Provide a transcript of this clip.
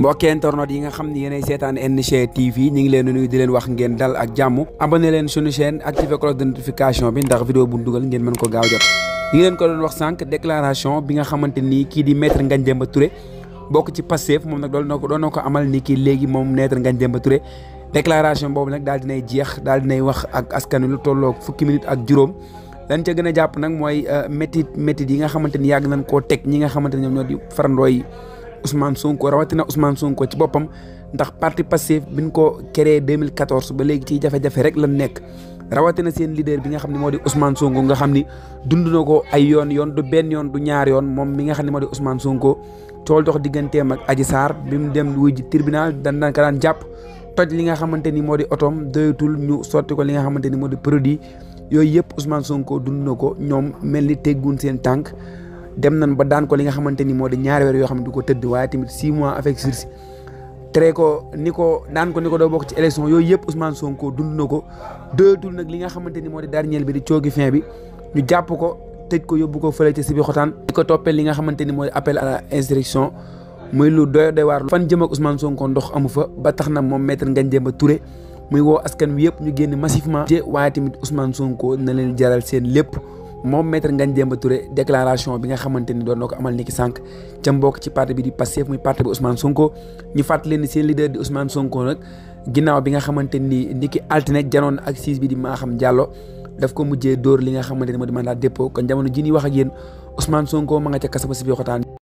mbokki internet yi nga xam ni yéenay seetaan NG TV ñu ngi leen di nuyu leen wax ngeen dal ak jàmm abonné leen suñu chaîne activé cloche de notification bi ndax vidéo bu dugal ngeen mën ko gaaw jot ñu ngi ko doon wax sànq déclaration bi nga xamante nii kii di maître Ngagne Demba Touré bokk ci Pastef moom nag doon na ko doon na ko amal ni kii léegi moom maître Ngagne Demba Touré déclaration boobu nag daal dinay jeex daal dinay wax ak askanu lu tolloo fukki minute ak juróom lan ca gën a jàpp nag mooy euh, métit métit yi nga xamante ni yàgg nañ koo teg ñi nga xamante ñoom ñoo di farandooy Ousmane Sonko rawatina Ousmane Sonko ci boppam ndax parti Pastef bi ñu ko créé 2014 ba léegi ciy jafe-jafe rek lan nekk rawatina seen leader bi nga xam ne moo di Ousmane Sonko nga xam ni dund ko ay yoon yoon du benn yoon du ñaar yoon moom mi nga xam ne moo di Ousmane Sonko tool dox digganteem ak Adji Sarr dem wuy ji tribunal dan daan ka jàpp toj li nga xamante ni moo di otoom doyatul ñu sotti ko li nga xamante ni moo di produit yooyu yëpp Ousmane Sonko dund ko ñoom mel ni tegguun seen tànk dem nañ ba daan ko li nga xamante ni moo di ñaari weer yoo xam ne du ko tëdd waaye tamit 6 mois avec sursis tere ko ni ko daan ko ni ko doo bokk ci élection yooyu yëpp Ousmane Sonko dund na ko doyatul li nga xamante ni moo di dernier bi di coogi fin bi ñu jàpp ko tëj ko yóbbu ko fële ci sibi xotaan di ko toppee li nga xamante ni mooy appel la instruction muy lu doy doy waar fan jëm ak Ousmane Sonko ndox amu fa ba tax na moom maître Ngagne Demba Touré muy woo askan wi yëpp ñu génn massivement waaye tamit Ousmane Sonko na leen jaral seen lépp moom maître nga Demba Touré déclaration bi nga xamante ni doon na ko amal ni ki sànq ca mbokk ci part bi di Pastef muy part bi Ousmane Sonko ñu fàttali leen ni seen leader di Ousmane Sonko nag ginnaaw bi nga xamante ni ni ki altine janoon ak siis bi di Maham Diallo daf ko mujjee dóor li nga xamante ni moo di mandat dépôt kon jamono ji ñuy wax ak yéen Ousmane Sonko ma nga ca kasaba si bi xotaan